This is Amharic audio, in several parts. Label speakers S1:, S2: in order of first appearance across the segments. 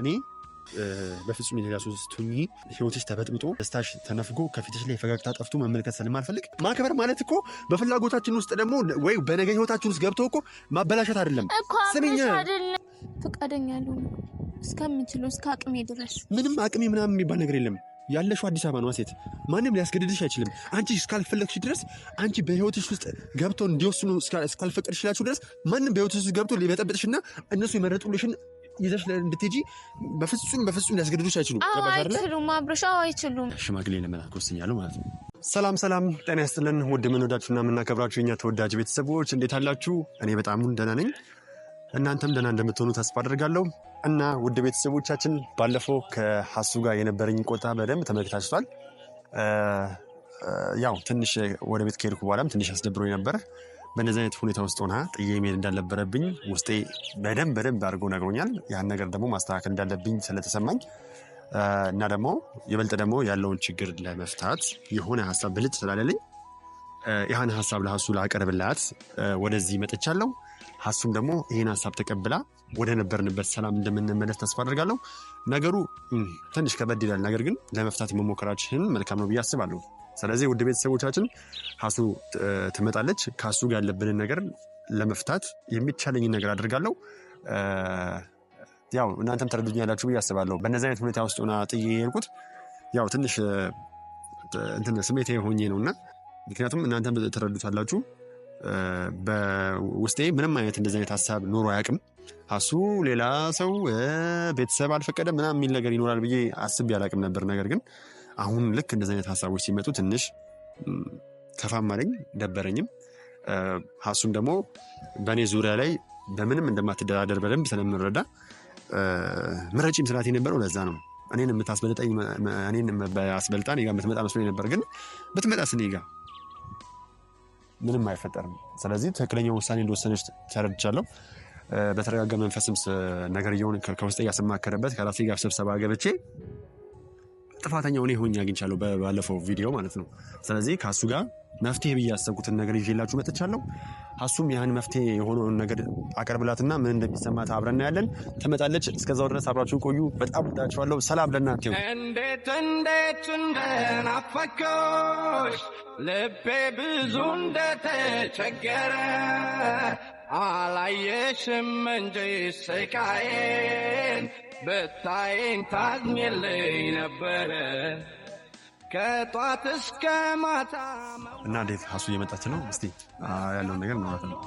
S1: እኔ በፍጹም የሌላ ሰው ውስጥ ሆኜ ህይወትሽ ተበጥብጦ ደስታሽ ተነፍጎ ከፊትሽ ላይ ፈገግታ ጠፍቶ መመልከት ስለማልፈልግ ማክበር ማለት እኮ በፍላጎታችን ውስጥ ደግሞ ወይ በነገ ህይወታችን ውስጥ ገብተው እኮ ማበላሸት አይደለም።
S2: ስሚኝ ፈቃደኛ ያልሆነ እስከምችለው እስከ አቅሜ ድረስ
S1: ምንም አቅሜ ምናምን የሚባል ነገር የለም። ያለሽው አዲስ አበባ ነው። ሴት ማንም ሊያስገድድሽ አይችልም። አንቺ እስካልፈለግሽ ድረስ አንቺ በህይወትሽ ውስጥ ገብቶ እንዲወስኑ እስካልፈቀድሽላችሁ ድረስ ማንም በህይወትሽ ውስጥ ገብቶ ሊበጠብጥሽና እነሱ የመረጡልሽን ይዘሽ እንድትሄጂ በፍጹም በፍጹም ሊያስገድዱሽ አይችሉም።
S2: አይችሉም፣ አብረሽ አይችሉም።
S1: ሽማግሌ ለመላክ ወስኛለሁ ማለት ነው። ሰላም ሰላም፣ ጤና ያስጥልን። ውድ የምንወዳችሁና የምናከብራችሁ የኛ ተወዳጅ ቤተሰቦች እንዴት አላችሁ? እኔ በጣም ደህና ነኝ። እናንተም ደህና እንደምትሆኑ ተስፋ አድርጋለሁ። እና ውድ ቤተሰቦቻችን ባለፈው ከሀሱ ጋር የነበረኝ ቆጣ በደንብ ተመልክታችቷል። ያው ትንሽ ወደ ቤት ከሄድኩ በኋላም ትንሽ አስደብሮኝ ነበር። በእነዚህ አይነት ሁኔታ ውስጥ ሆና ጥዬ መሄድ እንዳልነበረብኝ ውስጤ በደንብ በደንብ አድርጎ ነግሮኛል። ያን ነገር ደግሞ ማስተካከል እንዳለብኝ ስለተሰማኝ እና ደግሞ የበልጠ ደግሞ ያለውን ችግር ለመፍታት የሆነ ሀሳብ ብልጭ ስላለልኝ ይህን ሀሳብ ለሀሱ ላቀርብላት ወደዚህ መጥቻለሁ። ሀሱም ደግሞ ይህን ሀሳብ ተቀብላ ወደ ነበርንበት ሰላም እንደምንመለስ ተስፋ አድርጋለሁ። ነገሩ ትንሽ ከበድ ይላል፣ ነገር ግን ለመፍታት መሞከራችን መልካም ነው ብዬ አስባለሁ። ስለዚህ ውድ ቤተሰቦቻችን ሀሱ ትመጣለች። ከሱ ጋር ያለብንን ነገር ለመፍታት የሚቻለኝን ነገር አድርጋለሁ። ያው እናንተም ተረዱኝ ያላችሁ ብዬ አስባለሁ። በእነዚህ አይነት ሁኔታ ውስጥ ሆና ጥዬ የሄድኩት ያው ትንሽ እንትን ስሜት ሆኜ ነው እና ምክንያቱም እናንተም ተረዱታላችሁ። በውስጤ ምንም አይነት እንደዚህ አይነት ሀሳብ ኖሮ አያውቅም። ሀሱ ሌላ ሰው ቤተሰብ አልፈቀደ ምናምን የሚል ነገር ይኖራል ብዬ አስቤ አላውቅም ነበር ነገር ግን አሁን ልክ እንደዚህ አይነት ሀሳቦች ሲመጡ ትንሽ ከፋም አለኝ ደበረኝም። ሀሱም ደግሞ በእኔ ዙሪያ ላይ በምንም እንደማትደራደር በደንብ ስለምረዳ ምረጪም ስላት የነበረው ለዛ ነው። እኔን የምታስበልጠኝ እኔን በአስበልጣ እኔ ጋ የምትመጣ መስሎ ነበር፣ ግን ብትመጣ ስኔ ጋ ምንም አይፈጠርም። ስለዚህ ትክክለኛ ውሳኔ እንደወሰነች ተረድቻለሁ። በተረጋጋ መንፈስም ነገር እየሆን ከውስጥ እያስማከረበት ከራሴ ጋር ስብሰባ ገብቼ ጥፋተኛ እኔ ሆኜ አግኝቻለሁ ባለፈው ቪዲዮ ማለት ነው። ስለዚህ ከሱ ጋር መፍትሄ ብዬ ያሰብኩትን ነገር ይዤላችሁ መጥቻለሁ። እሱም ያህን መፍትሄ የሆነውን ነገር አቀርብላትና ምን እንደሚሰማት አብረና ያለን ትመጣለች። እስከዛው ድረስ አብራችሁን ቆዩ። በጣም ወዳችኋለሁ። ሰላም ለእናንተ ይሁን። እንዴት እንዴት እንደናፈኮሽ ልቤ ብዙ እንደተቸገረ አላየሽም እንጂ ስቃዬን ብታይን ታዝኝልኝ ነበረ ከጧት እስከ ማታ እና እንዴት ሀሱ እየመጣች ነው። እስቲ ያለውን ነገር ማለት ነው።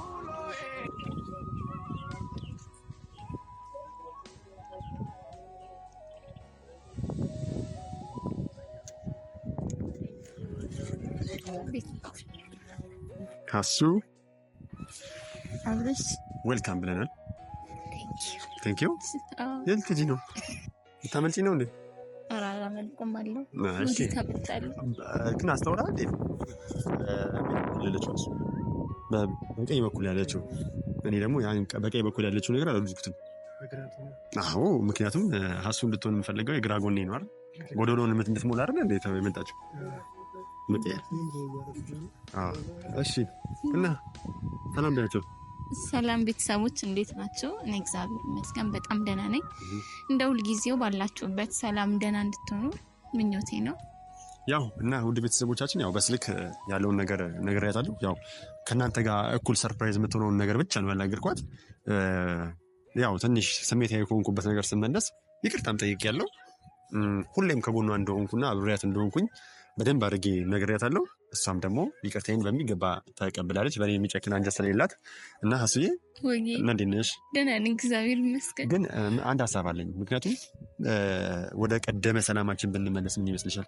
S1: ሀሱ ዌልካም ብለናል። ንኪው የልት ልትሄጂ ነው? ልታመልጪ ነው እንዴ? ግን አስተውላ በቀኝ በኩል ያለችው እኔ ደግሞ በቀኝ በኩል ያለችው ነገር አላልኩትም። አዎ ምክንያቱም ሀሱ እንድትሆን የምፈልገው የግራ ጎኔ ነው አይደል? ምት እንድትሞላ አይደል እንዴ የመጣችው ምጤ። እሺ እና ሰላም በያቸው ሰላም ቤተሰቦች እንዴት ናቸው? እኔ እግዚአብሔር ይመስገን በጣም ደህና ነኝ። እንደ ሁልጊዜው ባላችሁበት ሰላም ደህና እንድትሆኑ ምኞቴ ነው። ያው እና ውድ ቤተሰቦቻችን ያው በስልክ ያለውን ነገር ነግሬያታለሁ። ያው ከእናንተ ጋር እኩል ሰርፕራይዝ የምትሆነውን ነገር ብቻ ነው ያናገርኳት። ያው ትንሽ ስሜታዊ ከሆንኩበት ነገር ስመለስ ይቅርታም ጠይቄያለሁ። ሁሌም ከጎኗ እንደሆንኩና አብሬያት እንደሆንኩኝ በደንብ አድርጌ ነግሬያታለሁ። እሷም ደግሞ ይቅርታዬን በሚገባ ተቀብላለች። በእኔ የሚጨክን አንጀት ስለሌላት እና ሀሱዬ እንዴት ነሽ?
S2: ደህና ነኝ እግዚአብሔር ይመስገን።
S1: ግን አንድ ሀሳብ አለኝ። ምክንያቱም ወደ ቀደመ ሰላማችን ብንመለስ ምን ይመስልሻል?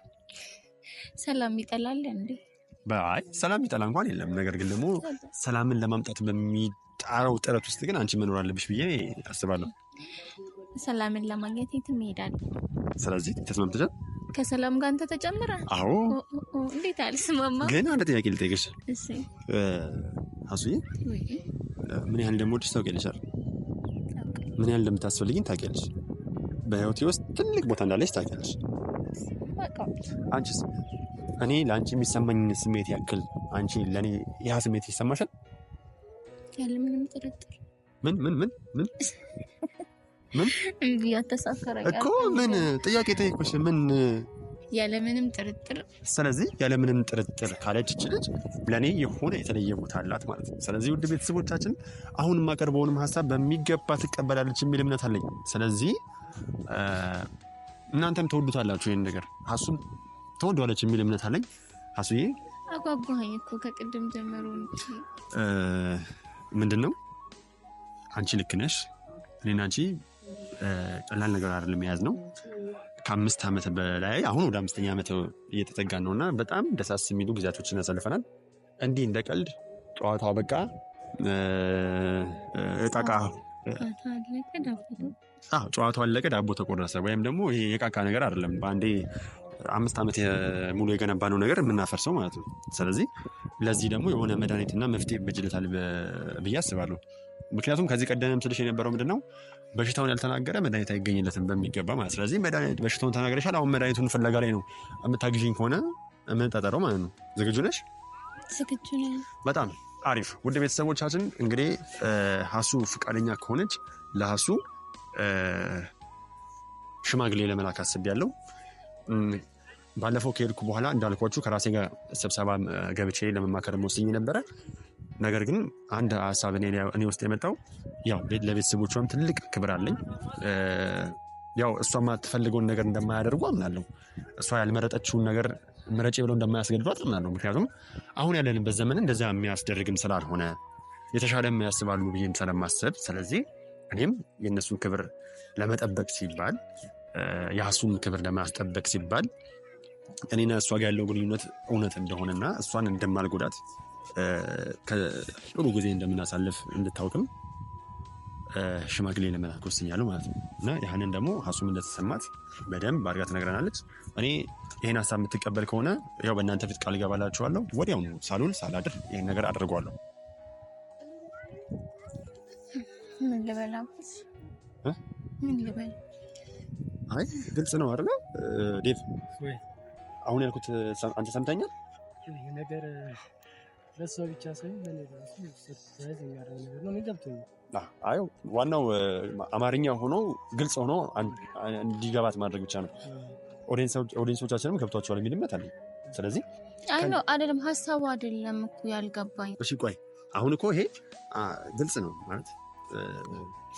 S2: ሰላም ይጠላል እንዴ?
S1: በአይ ሰላም ይጠላ እንኳን የለም። ነገር ግን ደግሞ ሰላምን ለማምጣት በሚጣረው ጥረት ውስጥ ግን አንቺ መኖር አለብሽ ብዬ አስባለሁ።
S2: ሰላምን ለማግኘት የትም ይሄዳል።
S1: ስለዚህ ተስማምተሻል?
S2: ከሰላም ጋር አንተ ተጨምረ? አዎ። እንዴት አልስማማ።
S1: ግን አንድ ጥያቄ ልጠይቅሽ። አሱዬ ምን ያህል እንደምወድሽ ታውቂያለሽ? ምን ያህል እንደምታስፈልግኝ ታውቂያለሽ? በህይወቴ ውስጥ ትልቅ ቦታ እንዳለች ታውቂያለሽ። አንቺስ እኔ ለአንቺ የሚሰማኝ ስሜት ያክል አንቺ ለእኔ ያ ስሜት ይሰማሻል?
S2: ያለ ምንም ጥርጥር
S1: ምን ምን ምን ምን ምን እኮ ምን ጥያቄ ጠይቅኩሽ? ምን
S2: ያለምንም ጥርጥር።
S1: ስለዚህ ያለምንም ጥርጥር ካለች እች ልጅ ለእኔ የሆነ የተለየ ቦታ አላት ማለት ነው። ስለዚህ ውድ ቤተሰቦቻችን አሁን የማቀርበውንም ሀሳብ በሚገባ ትቀበላለች የሚል እምነት አለኝ። ስለዚህ እናንተም ተወዱታላችሁ ይህን ነገር፣ ሀሱም ተወዷለች የሚል እምነት አለኝ። ሀሱዬ
S2: አጓጓኝ እኮ ከቅድም ጀምሮ
S1: ምንድን ነው አንቺ ልክ ነሽ እኔና አንቺ ቀላል ነገር አይደለም የያዝ ነው። ከአምስት ዓመት በላይ አሁን ወደ አምስተኛ ዓመት እየተጠጋ ነው እና በጣም ደሳስ የሚሉ ጊዜያቶች ያሳልፈናል እንዲህ እንደ ቀልድ ጨዋታው በቃ እቃቃ ጨዋታው አለቀ፣ ዳቦ ተቆረሰ ወይም ደግሞ ይሄ የቃቃ ነገር አይደለም። በአንዴ አምስት ዓመት ሙሉ የገነባነው ነገር የምናፈርሰው ማለት ነው። ስለዚህ ለዚህ ደግሞ የሆነ መድኃኒትና መፍትሄ በጅለታል ብዬ አስባለሁ። ምክንያቱም ከዚህ ቀደም ስልሽ የነበረው ምንድን ነው በሽታውን ያልተናገረ መድኃኒት አይገኝለትም በሚገባ ማለት ስለዚህ በሽታውን ተናገረሻል አሁን መድኃኒቱን ፍለጋ ላይ ነው የምታግዥኝ ከሆነ የምንጠጠረው ማለት ነው ዝግጁ ነሽ ዝግጁ በጣም አሪፍ ውድ ቤተሰቦቻችን እንግዲህ ሀሱ ፍቃደኛ ከሆነች ለሀሱ ሽማግሌ ለመላክ ያለው ባለፈው ከሄድኩ በኋላ እንዳልኳችሁ ከራሴ ጋር ስብሰባ ገብቼ ለመማከር መወስኝ ነበረ ነገር ግን አንድ ሀሳብ እኔ ውስጥ የመጣው ያው ለቤተሰቦቿም ትልቅ ክብር አለኝ። ያው እሷ የማትፈልገውን ነገር እንደማያደርጉ አምናለሁ። እሷ ያልመረጠችውን ነገር ምረጭ ብለው እንደማያስገድዷት አምናለሁ። ምክንያቱም አሁን ያለንበት ዘመን እንደዚያ የሚያስደርግም ስላልሆነ የተሻለም ያስባሉ ብዬም ስለማሰብ፣ ስለዚህ እኔም የእነሱን ክብር ለመጠበቅ ሲባል የሀሱን ክብር ለማስጠበቅ ሲባል እኔና እሷ ጋር ያለው ግንኙነት እውነት እንደሆነና እሷን እንደማልጎዳት ጥሩ ጊዜ እንደምናሳልፍ እንድታውቅም ሽማግሌ ለመላክ ወስኛለሁ ማለት ነው። እና ያህንን ደግሞ ሀሱም እንደተሰማት በደንብ አድርጋ ትነግረናለች። እኔ ይህን ሀሳብ የምትቀበል ከሆነ ያው በእናንተ ፊት ቃል ገባላችኋለሁ። ወዲያውኑ ሳሉል ሳላድር ይህን ነገር አድርጓለሁ። አይ ግልጽ ነው አይደለ ዴቭ? አሁን ያልኩት አንተ ሰምተኛል
S3: ነገር ለእሷ ብቻ ሳይሆን
S1: ለኔ ዋናው አማርኛ ሆኖ ግልጽ ሆኖ እንዲገባት ማድረግ ብቻ ነው። ኦዲንሶቻችንም ገብቷቸዋል የሚል እምነት አለኝ። ስለዚህ
S2: አይ አይደለም፣ ሀሳቡ አይደለም እኮ ያልገባኝ።
S1: እሺ ቆይ አሁን እኮ ይሄ ግልጽ ነው ማለት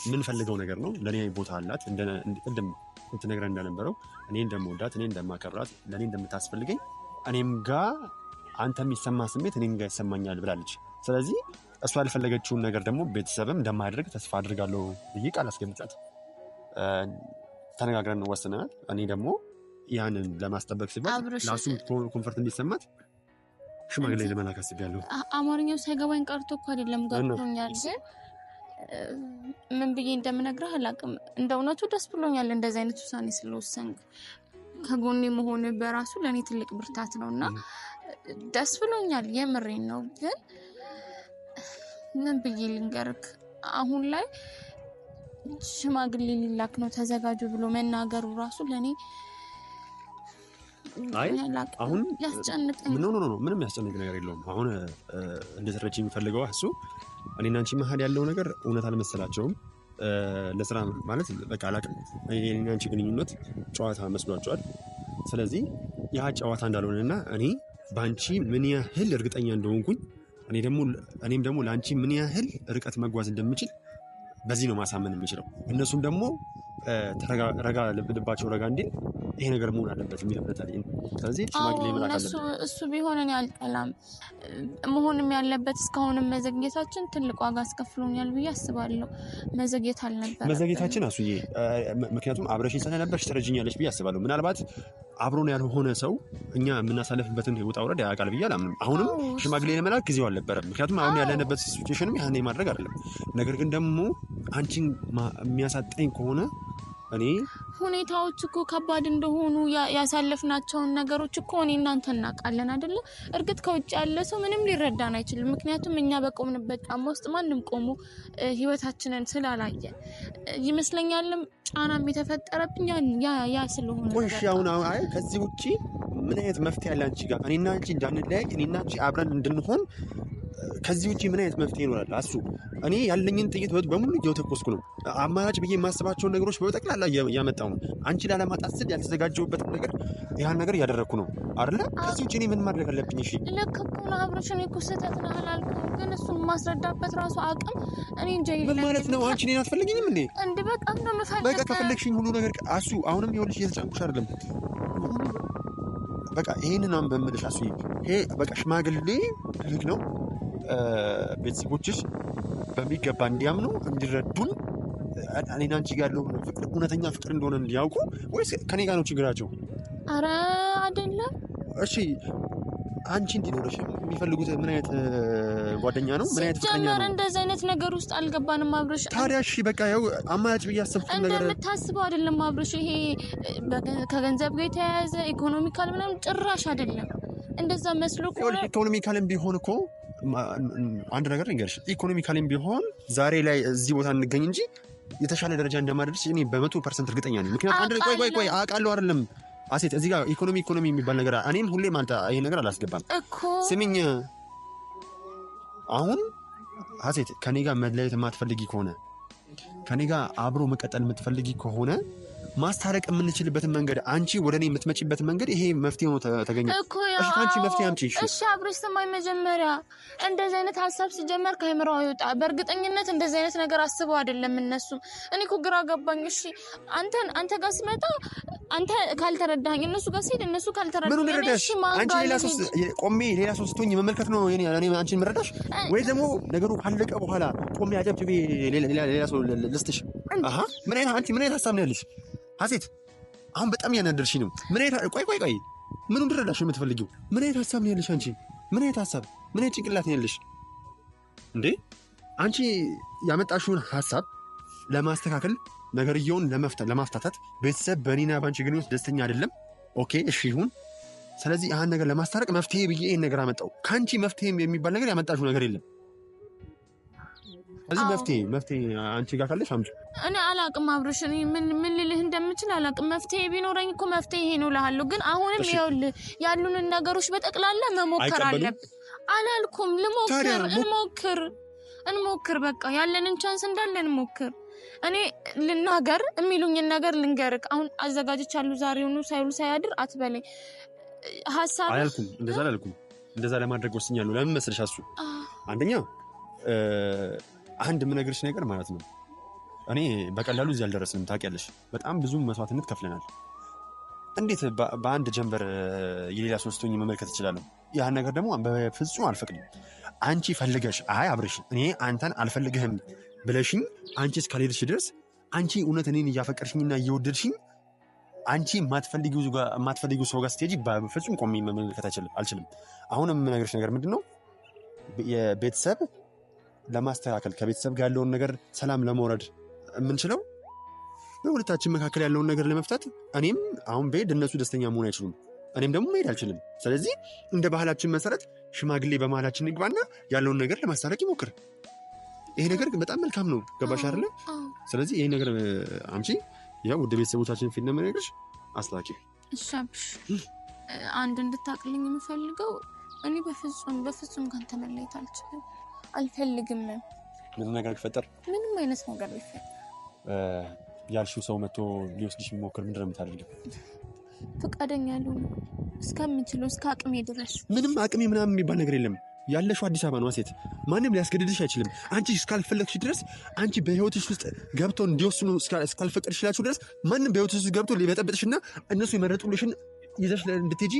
S1: የምንፈልገው ነገር ነው። ለእኔ ቦታ አላት። ቅድም ስትነግረን እንደነበረው እኔ እንደምወዳት፣ እኔ እንደማከብራት፣ ለእኔ እንደምታስፈልገኝ እኔም ጋር አንተ የሚሰማ ስሜት እኔም ጋር ይሰማኛል ብላለች። ስለዚህ እሷ ያልፈለገችውን ነገር ደግሞ ቤተሰብም እንደማያደርግ ተስፋ አድርጋለሁ ብዬ ቃል አስገብጫት ተነጋግረን ወስነናል። እኔ ደግሞ ያንን ለማስጠበቅ ሲባል ለሱ ኮንፈርት እንዲሰማት ሽማግሌ ለመላክ አስቤያለሁ።
S2: አማርኛው ሳይገባኝ ቀርቶ እኮ አይደለም ገብቶኛል፣ ግን ምን ብዬ እንደምነግረህ አላውቅም። እንደ እውነቱ ደስ ብሎኛል እንደዚህ አይነት ውሳኔ ስለወሰንክ ከጎኔ መሆን በራሱ ለእኔ ትልቅ ብርታት ነው እና ደስ ብሎኛል። የምሬን ነው። ግን ምን ብዬ ልንገርክ አሁን ላይ ሽማግሌ ሊላክ ነው ተዘጋጁ ብሎ መናገሩ ራሱ ለእኔ
S1: አሁን ምንም ያስጨንቅ ነገር የለውም። አሁን እንደተረች የሚፈልገው እሱ እኔና አንቺ መሀል ያለው ነገር እውነት አልመሰላቸውም። ለስራ ማለት በቃ አላቅም። እኔና አንቺ ግንኙነት ጨዋታ መስሏቸዋል። ስለዚህ ያ ጨዋታ እንዳልሆነና እኔ በአንቺ ምን ያህል እርግጠኛ እንደሆንኩኝ እኔም ደግሞ ለአንቺ ምን ያህል ርቀት መጓዝ እንደምችል በዚህ ነው ማሳመን የምችለው። እነሱም ደግሞ ረጋ ልባቸው ረጋ እንዴ ይሄ ነገር መሆን አለበት የሚል እምነት
S2: ስለዚህ እሱ ቢሆን እኔ አልጠላም። መሆንም ያለበት እስካሁንም መዘግየታችን ትልቅ ዋጋ አስከፍሎኛል ብዬ አስባለሁ። መዘግየት አልነበረ
S1: መዘግየታችን አሱዬ፣ ምክንያቱም አብረሽኝ ስለነበርሽ ትረጅኛለች ብዬ አስባለሁ ምናልባት አብሮን ያልሆነ ሰው እኛ የምናሳለፍበትን ውጣ ውረድ ያውቃል ብዬ አላምንም። አሁንም ሽማግሌ ለመላክ ጊዜው አልነበረም። ምክንያቱም አሁን ያለንበት ሲቹዌሽንም ያህን ማድረግ አይደለም። ነገር ግን ደግሞ አንቺን የሚያሳጠኝ ከሆነ
S2: እኔ ሁኔታዎች እኮ ከባድ እንደሆኑ ያሳለፍናቸውን ነገሮች እኮ እኔ እናንተ እናውቃለን አይደለ? እርግጥ ከውጭ ያለ ሰው ምንም ሊረዳን አይችልም። ምክንያቱም እኛ በቆምንበት ጫማ ውስጥ ማንም ቆሞ ህይወታችንን ስላላየ ይመስለኛልም ጫናም የተፈጠረብኝ ያ
S1: ስለሆነ አሁን አይ ከዚህ ውጭ ምን አይነት መፍትሄ ያለ አንቺ ጋር እኔና አንቺ እንዳንለያይ እኔና አንቺ አብረን እንድንሆን ከዚህ ውጭ ምን አይነት መፍትሄ ይኖራል? አሱ እኔ ያለኝን ጥይት በሙሉ እየተኮስኩ ነው። አማራጭ ብዬ የማስባቸውን ነገሮች በጠቅላላ እያመጣው ነው። አንቺ ላለማጣት ስል ያልተዘጋጀሁበት ነገር ያን ነገር እያደረግኩ ነው አለ። ከዚህ ውጭ እኔ ምን ማድረግ አለብኝ? እሺ
S2: ልክ እኮ ነው አብረሽ። እኔ እኮ ስህተት ነው አላልኩም፣ ግን እሱን ማስረዳበት ራሱ አቅም እኔ እንጃ።
S1: ምን ማለት ነው? አንቺ እኔን አትፈልጊኝም እንዴ?
S2: እንደ ነው እንደምፈልግ
S1: በቃ ከፈለግሽኝ ሁሉ ነገር አሱ። አሁንም ይኸውልሽ እየተጫንኩሽ አይደለም በቃ ይሄንን አሁን በምልሽ አሱ ይሄ በቃ ሽማግሌ ልክ ነው ቤተሰቦችሽ በሚገባ እንዲያምኑ እንዲረዱን እኔና አንቺ ጋር ያለው ፍቅር እውነተኛ ፍቅር እንደሆነ እንዲያውቁ ወይስ ከኔ ጋር ነው ችግራቸው?
S2: አረ አይደለም።
S1: እሺ አንቺ እንዲኖረሽ የሚፈልጉት ምን አይነት ጓደኛ ነው? ምን አይነት ፍቅረኛ
S2: ነው? እንደዚህ አይነት ነገር ውስጥ አልገባንም አብረሽ።
S1: ታዲያ እሺ በቃ ያው አማራጭ ብዬ አሰብኩት
S2: ነገር እንደምታስበው አይደለም አብረሽ። ይሄ ከገንዘብ ጋር የተያያዘ ኢኮኖሚካል ምናምን ጭራሽ አይደለም። እንደዛ መስሎ
S1: ኢኮኖሚካልም ቢሆን እኮ አንድ ነገር ንገርሽ፣ ኢኮኖሚካሊም ቢሆን ዛሬ ላይ እዚህ ቦታ እንገኝ እንጂ የተሻለ ደረጃ እንደማደርስ እኔ በመቶ ፐርሰንት እርግጠኛ ነኝ። ምክንያቱም አንድ ቆይ ቆይ ቆይ አውቃለሁ አይደለም አሴት እዚህ ጋር ኢኮኖሚ ኢኮኖሚ የሚባል ነገር እኔም ሁሌም አንተ ይሄ ነገር አላስገባም። ስሚኝ አሁን አሴት ከኔ ጋር መለየት የማትፈልጊ ከሆነ ከኔ ጋር አብሮ መቀጠል የምትፈልጊ ከሆነ ማስታረቅ የምንችልበትን መንገድ አንቺ ወደ እኔ የምትመጪበት መንገድ ይሄ መፍትሄ ነው ተገኘ እኮ ያው አንቺ መፍትሄ አምጪ።
S2: እሺ አብረሽ ስማኝ። መጀመሪያ እንደዚህ አይነት ሀሳብ ሲጀመር ከአይምሮ ይወጣ በእርግጠኝነት እንደዚህ አይነት ነገር አስበው አይደለም እነሱም። እኔ እኮ ግራ ገባኝ። እሺ አንተን አንተ ጋር ስመጣ አንተ ካልተረዳኝ፣ እነሱ ጋር ሲሄድ እነሱ ካልተረዳኝ፣
S1: ሌላ ሶስት ቆሜ ሌላ ሶስት ሆኜ መመልከት ነው እኔ አንቺን መረዳሽ? ወይ ደግሞ ነገሩ ካለቀ በኋላ ቆሜ አጀብ ሌላ ሰው ልስጥሽ? ምን አይነት አንቺ ምን አይነት ሀሳብ ነው ያለሽ? ሀሴት አሁን በጣም እያናደርሽ ነው። ምን አይነት ቆይ ቆይ ቆይ ምኑን እንድረዳሽ ነው የምትፈልጊው? ምን አይነት ሀሳብ ነው ያለሽ አንቺ? ምን አይነት ሀሳብ ምን አይነት ጭንቅላት ነው ያለሽ እንዴ? አንቺ ያመጣሽውን ሀሳብ ለማስተካከል ነገርየውን ለማፍታታት ቤተሰብ በእኔና በአንቺ ውስጥ ደስተኛ አይደለም። ኦኬ እሺ ይሁን። ስለዚህ ይህን ነገር ለማስታረቅ መፍትሄ ብዬ ይህን ነገር አመጣው። ከአንቺ መፍትሄ የሚባል ነገር ያመጣሽው ነገር የለም። እዚህ መፍትሄ መፍትሄ አንቺ ጋር ካለሽ አምጪ።
S2: እኔ አላቅም አብርሽ፣ ምን ምን ልልህ እንደምችል አላቅም። መፍትሄ ቢኖረኝ እኮ መፍትሄ ነው እልሃለሁ። ግን አሁንም ይኸውልህ ያሉንን ነገሮች በጠቅላላ መሞከር አለብን። አላልኩም ልሞክር፣ እንሞክር፣ እንሞክር። በቃ ያለንን ቻንስ እንዳለ እንሞክር። እኔ ልናገር የሚሉኝን ነገር ልንገርክ። አሁን አዘጋጆች አሉ ዛሬውኑ ሳይውል ሳያድር አትበለኝ።
S1: ሀሳብ አላልኩም፣ እንደዛ አላልኩም። እንደዛ ለማድረግ ወስኛለሁ። ለምን መሰለሽ? አሱ አንደኛ አንድ የምነግርሽ ነገር ማለት ነው እኔ በቀላሉ እዚህ አልደረስንም። ታውቂያለሽ፣ በጣም ብዙ መስዋዕትነት ከፍለናል። እንዴት በአንድ ጀንበር የሌላ ሶስቶኝ መመልከት እችላለሁ? ያህን ነገር ደግሞ በፍጹም አልፈቅድም። አንቺ ፈልገሽ አይ አብርሽ፣ እኔ አንተን አልፈልግህም ብለሽኝ አንቺ እስካልሄድሽ ድረስ አንቺ እውነት እኔን እያፈቀርሽኝና እየወደድሽኝ አንቺ የማትፈልጊው ሰው ጋር ስትሄጂ በፍጹም ቆሜ መመልከት አልችልም። አሁን የምነግርሽ ነገር ምንድን ነው ለማስተካከል ከቤተሰብ ጋር ያለውን ነገር ሰላም ለመውረድ የምንችለው በሁለታችን መካከል ያለውን ነገር ለመፍታት እኔም አሁን ብሄድ እነሱ ደስተኛ መሆን አይችሉም፣ እኔም ደግሞ መሄድ አልችልም። ስለዚህ እንደ ባህላችን መሰረት ሽማግሌ በመሃላችን ይግባና ያለውን ነገር ለማስታረቅ ይሞክር። ይሄ ነገር በጣም መልካም ነው። ገባሽ አለ ስለዚህ ይሄ ነገር አምቺ ያው ወደ ቤተሰቦቻችን ፊት ለመነግርሽ አስላኪ
S2: እሻብሽ አንድ እንድታቅልኝ የምፈልገው እኔ በፍጹም በፍጹም ከአንተ መለየት አልችልም። አልፈልግም።
S1: ምንም ነገር ቢፈጠር
S2: ምንም አይነት ነገር ቢፈጠር
S1: ያልሺው ሰው መጥቶ ሊወስድሽ የሚሞክር ምንድን ነው የምታደርጊው?
S2: ፈቃደኛ ያልሆነ እስከምችለው እስከ አቅሜ ድረስ
S1: ምንም አቅሜ ምናምን የሚባል ነገር የለም። ያለሽው አዲስ አበባ ነው። ሴት ማንም ሊያስገድድሽ አይችልም። አንቺ እስካልፈለግሽ ድረስ አንቺ በህይወትሽ ውስጥ ገብቶ እንዲወስኑ እስካልፈቀድሽላችሁ ድረስ ማንም በህይወትሽ ውስጥ ገብቶ ሊበጠብጥሽና እነሱ የመረጡልሽን ይዘሽ እንድትሄጂ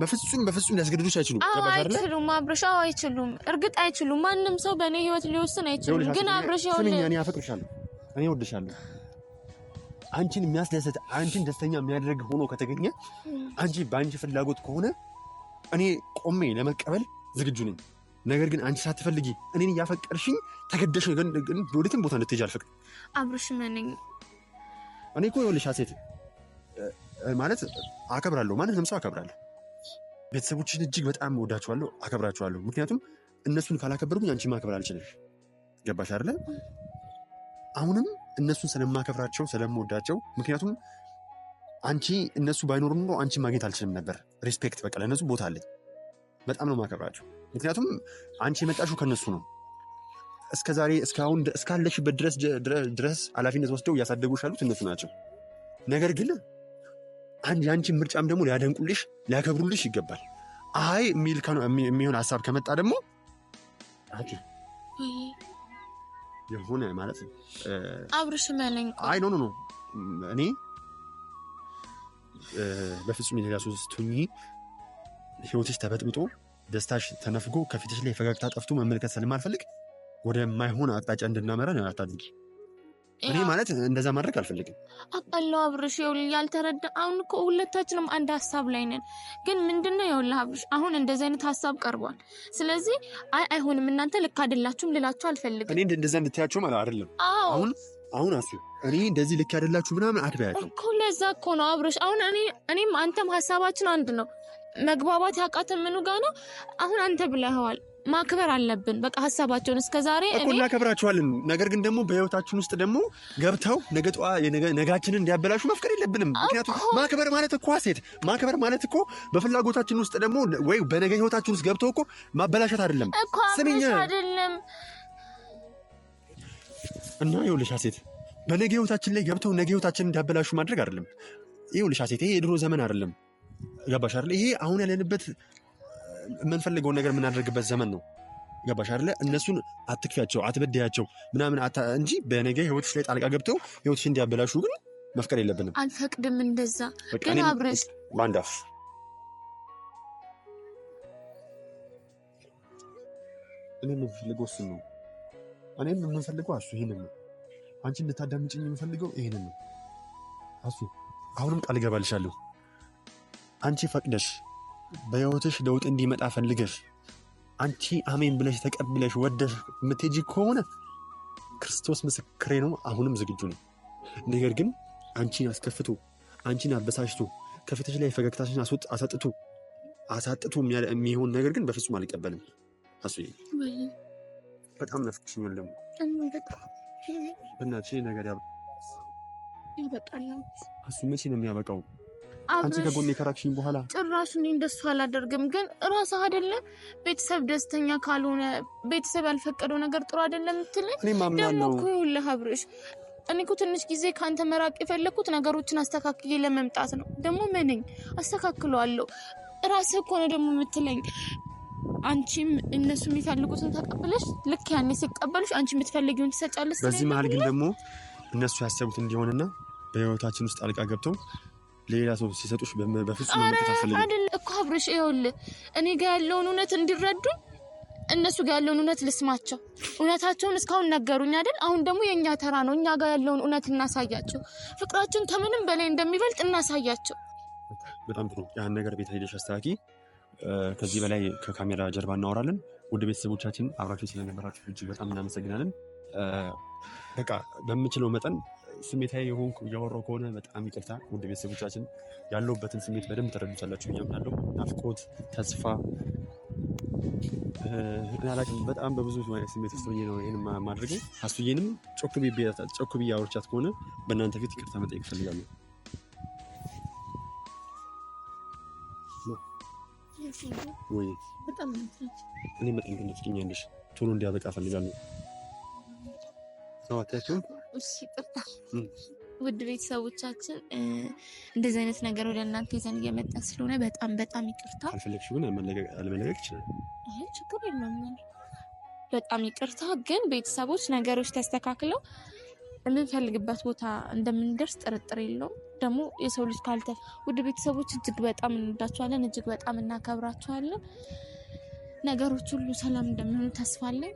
S1: በፍጹም በፍጹም ሊያስገድዱሽ አይችሉም።
S2: አይችሉም፣ አብረሽ አይችሉም። እርግጥ አይችሉም። ማንም ሰው በእኔ ህይወት ሊወስን አይችሉም። ግን አብረሽ
S1: እኔ አፈቅርሻለሁ፣ እኔ እወድሻለሁ። አንቺን የሚያስደስት አንቺን ደስተኛ የሚያደርግ ሆኖ ከተገኘ አንቺ በአንቺ ፍላጎት ከሆነ እኔ ቆሜ ለመቀበል ዝግጁ ነኝ። ነገር ግን አንቺ ሳትፈልጊ እኔን እያፈቀርሽኝ ተገደሽ ወዴትም ቦታ እንድትሄጂ አልፈቅድም።
S2: አብረሽ ነኝ
S1: እኔ እኮ ይኸውልሽ ሴት ማለት አከብራለሁ፣ ማንንም ሰው አከብራለሁ። ቤተሰቦችን እጅግ በጣም ወዳችኋለሁ፣ አከብራችኋለሁ። ምክንያቱም እነሱን ካላከበሩኝ አንቺ ማክበር አልችልም። ገባሽ አይደለ? አሁንም እነሱን ስለማከብራቸው ስለምወዳቸው፣ ምክንያቱም አንቺ እነሱ ባይኖሩ ኑሮ አንቺ ማግኘት አልችልም ነበር። ሪስፔክት በቃ ለእነሱ ቦታ አለኝ። በጣም ነው ማከብራቸው። ምክንያቱም አንቺ የመጣሽው ከእነሱ ነው። እስከ ዛሬ እስካሁን እስካለሽበት ድረስ ኃላፊነት ወስደው እያሳደጉሽ ያሉት እነሱ ናቸው። ነገር ግን የአንቺን ምርጫም ደግሞ ሊያደንቁልሽ ሊያከብሩልሽ ይገባል። አይ የሚል የሚሆን ሀሳብ ከመጣ ደግሞ የሆነ ማለት
S2: አብርሽ መለኝ።
S1: አይ ኖ ኖ እኔ በፍጹም የሌላ ሰው ስትሆኚ ህይወትሽ ተበጥብጦ ደስታሽ ተነፍጎ ከፊትሽ ላይ ፈገግታ ጠፍቶ መመልከት ስለማልፈልግ ወደማይሆን አቅጣጫ እንድናመራ ነው አታድርጊ። እኔ ማለት እንደዛ ማድረግ አልፈልግም።
S2: አውቃለሁ አብርሽ፣ ይኸውልህ ያልተረዳ አሁን እኮ ሁለታችንም አንድ ሀሳብ ላይ ነን። ግን ምንድነው ይኸውልህ አብርሽ፣ አሁን እንደዚህ አይነት ሀሳብ ቀርቧል። ስለዚህ አይ አይሆንም፣ እናንተ ልክ አይደላችሁም ልላችሁ አልፈልግም።
S1: እኔ እንደዛ እንድታያችሁም አይደለም አሁን አሁን አስ እኔ እንደዚህ ልክ ያደላችሁ ምናምን አትበያቸው
S2: እኮ። ለዛ እኮ ነው አብሮሽ አሁን እኔ እኔም አንተም ሀሳባችን አንድ ነው። መግባባት ያቃተን ምኑ ጋ ነው? አሁን አንተ ብለኸዋል ማክበር አለብን። በቃ ሀሳባቸውን እስከ ዛሬ
S1: እኮ እናከብራችኋለን። ነገር ግን ደግሞ በህይወታችን ውስጥ ደግሞ ገብተው ነገ ነጋችንን እንዲያበላሹ መፍቀድ የለብንም። ምክንያቱም ማክበር ማለት እኮ ሴት ማክበር ማለት እኮ በፍላጎታችን ውስጥ ደግሞ ወይ በነገ ህይወታችን ውስጥ ገብተው እኮ ማበላሸት አይደለም።
S2: ስሚኝ አይደለም
S1: እና ይኸውልሽ ሴት በነገ ህይወታችን ላይ ገብተው ነገ ህይወታችን እንዲያበላሹ ማድረግ አይደለም። ይኸውልሽ ሴት ይሄ የድሮ ዘመን አይደለም። ገባሽ አይደል? ይሄ አሁን ያለንበት የምንፈልገውን ነገር የምናደርግበት ዘመን ነው። ገባሽ አይደለ? እነሱን አትክፊያቸው፣ አትበድያቸው ምናምን እንጂ በነገ ህይወትሽ ላይ ጣልቃ ገብተው ህይወትሽ እንዲያበላሹ ግን መፍቀድ የለብንም።
S2: አልፈቅድም። እንደዛ
S1: ግን አብረሽ ባንዳፍ እኔ የምንፈልገው እሱን ነው። እኔም የምንፈልገው አሱ ይህንን ነው። አንቺ እንድታዳምጭኝ የምፈልገው ይህንን ነው። አሱ አሁንም ቃል እገባልሻለሁ አንቺ ፈቅደሽ በህይወትሽ ለውጥ እንዲመጣ ፈልገሽ አንቺ አሜን ብለሽ ተቀብለሽ ወደሽ የምትሄጂ ከሆነ ክርስቶስ ምስክሬ ነው፣ አሁንም ዝግጁ ነው። ነገር ግን አንቺን አስከፍቶ አንቺን አበሳጭቶ ከፊትሽ ላይ ፈገግታሽን አሳጥቶ አሳጥቶ የሚሆን ነገር ግን በፍጹም አልቀበልም። አሱ በጣም ናፍቅሽኛል። ደግሞ በእናትሽ ነገር ያበቃ። አሱ መቼ ነው የሚያበቃው? አንቺ ከጎኔ በኋላ
S2: ጭራሽ እኔ እንደሱ አላደርግም። ግን እራስህ አይደለም ቤተሰብ ደስተኛ ካልሆነ ቤተሰብ ያልፈቀደው ነገር ጥሩ አይደለም እምትለኝ ደግሞ እኮ ይኸውልህ አብርሽ እኔ እኮ ትንሽ ጊዜ ከአንተ መራቅ የፈለግኩት ነገሮችን አስተካክዬ ለመምጣት ነው። ደግሞ ምንኝ አስተካክለዋለሁ። እራስህ እኮ ነው ደግሞ የምትለኝ። አንቺም እነሱ የሚፈልጉትን ተቀብለሽ ልክ ያኔ ሲቀበሉሽ አንቺ የምትፈልጊውን ትሰጫለሽ።
S1: በዚህ መሀል ግን ደግሞ እነሱ ያሰቡት እንዲሆንና በህይወታችን ውስጥ አልቃ ገብተው ሌላ ሰው ሲሰጡሽ በፍጹም
S2: መከታተል አይደል እኮ አብረሽ። ይኸውልህ እኔ ጋር ያለውን እውነት እንዲረዱኝ እነሱ ጋር ያለውን እውነት ልስማቸው። እውነታቸውን እስካሁን ነገሩኝ አይደል? አሁን ደግሞ የእኛ ተራ ነው። እኛ ጋር ያለውን እውነት እናሳያቸው። ፍቅራችን ከምንም በላይ እንደሚበልጥ እናሳያቸው።
S1: በጣም ጥሩ። ያን ነገር ቤት ሄደሽ አስተካኪ። ከዚህ በላይ ከካሜራ ጀርባ እናወራለን። ውድ ቤተሰቦቻችን አብራችሁ ስለነበራችሁ እጅግ በጣም እናመሰግናለን። በቃ በምችለው መጠን ስሜታዊ የሆን እያወራሁ ከሆነ በጣም ይቅርታ ውድ ቤተሰቦቻችን፣ ያለሁበትን ስሜት በደንብ ተረዱታላችሁ ብዬ አምናለሁ። ናፍቆት፣ ተስፋ ላላችን በጣም በብዙ ስሜት ውስጥ ነው ይህን ማድረገው። አሱዬንም ጮክ ብዬ አውርቻት ከሆነ በእናንተ ፊት ይቅርታ መጠየቅ እፈልጋለሁ። እኔ መጠንቀቅ ትኛለሽ። ቶሎ እንዲያበቃ እፈልጋለሁ።
S2: እሺ ይቅርታ። ውድ ቤተሰቦቻችን እንደዚህ አይነት ነገር ወደ እናንተ ይዘን እየመጣ ስለሆነ በጣም በጣም ይቅርታ።
S1: ካልፈለግሽ ግን አለመለቀቅ ይችላል።
S2: ይሄ ችግር የለም። በጣም ይቅርታ ግን ቤተሰቦች ነገሮች ተስተካክለው የምንፈልግበት ቦታ እንደምንደርስ ጥርጥር የለውም። ደግሞ የሰው ልጅ ካልተ ውድ ቤተሰቦች እጅግ በጣም እንወዳቸዋለን እጅግ በጣም እናከብራቸዋለን። ነገሮች ሁሉ ሰላም እንደሚሆኑ ተስፋ አለን።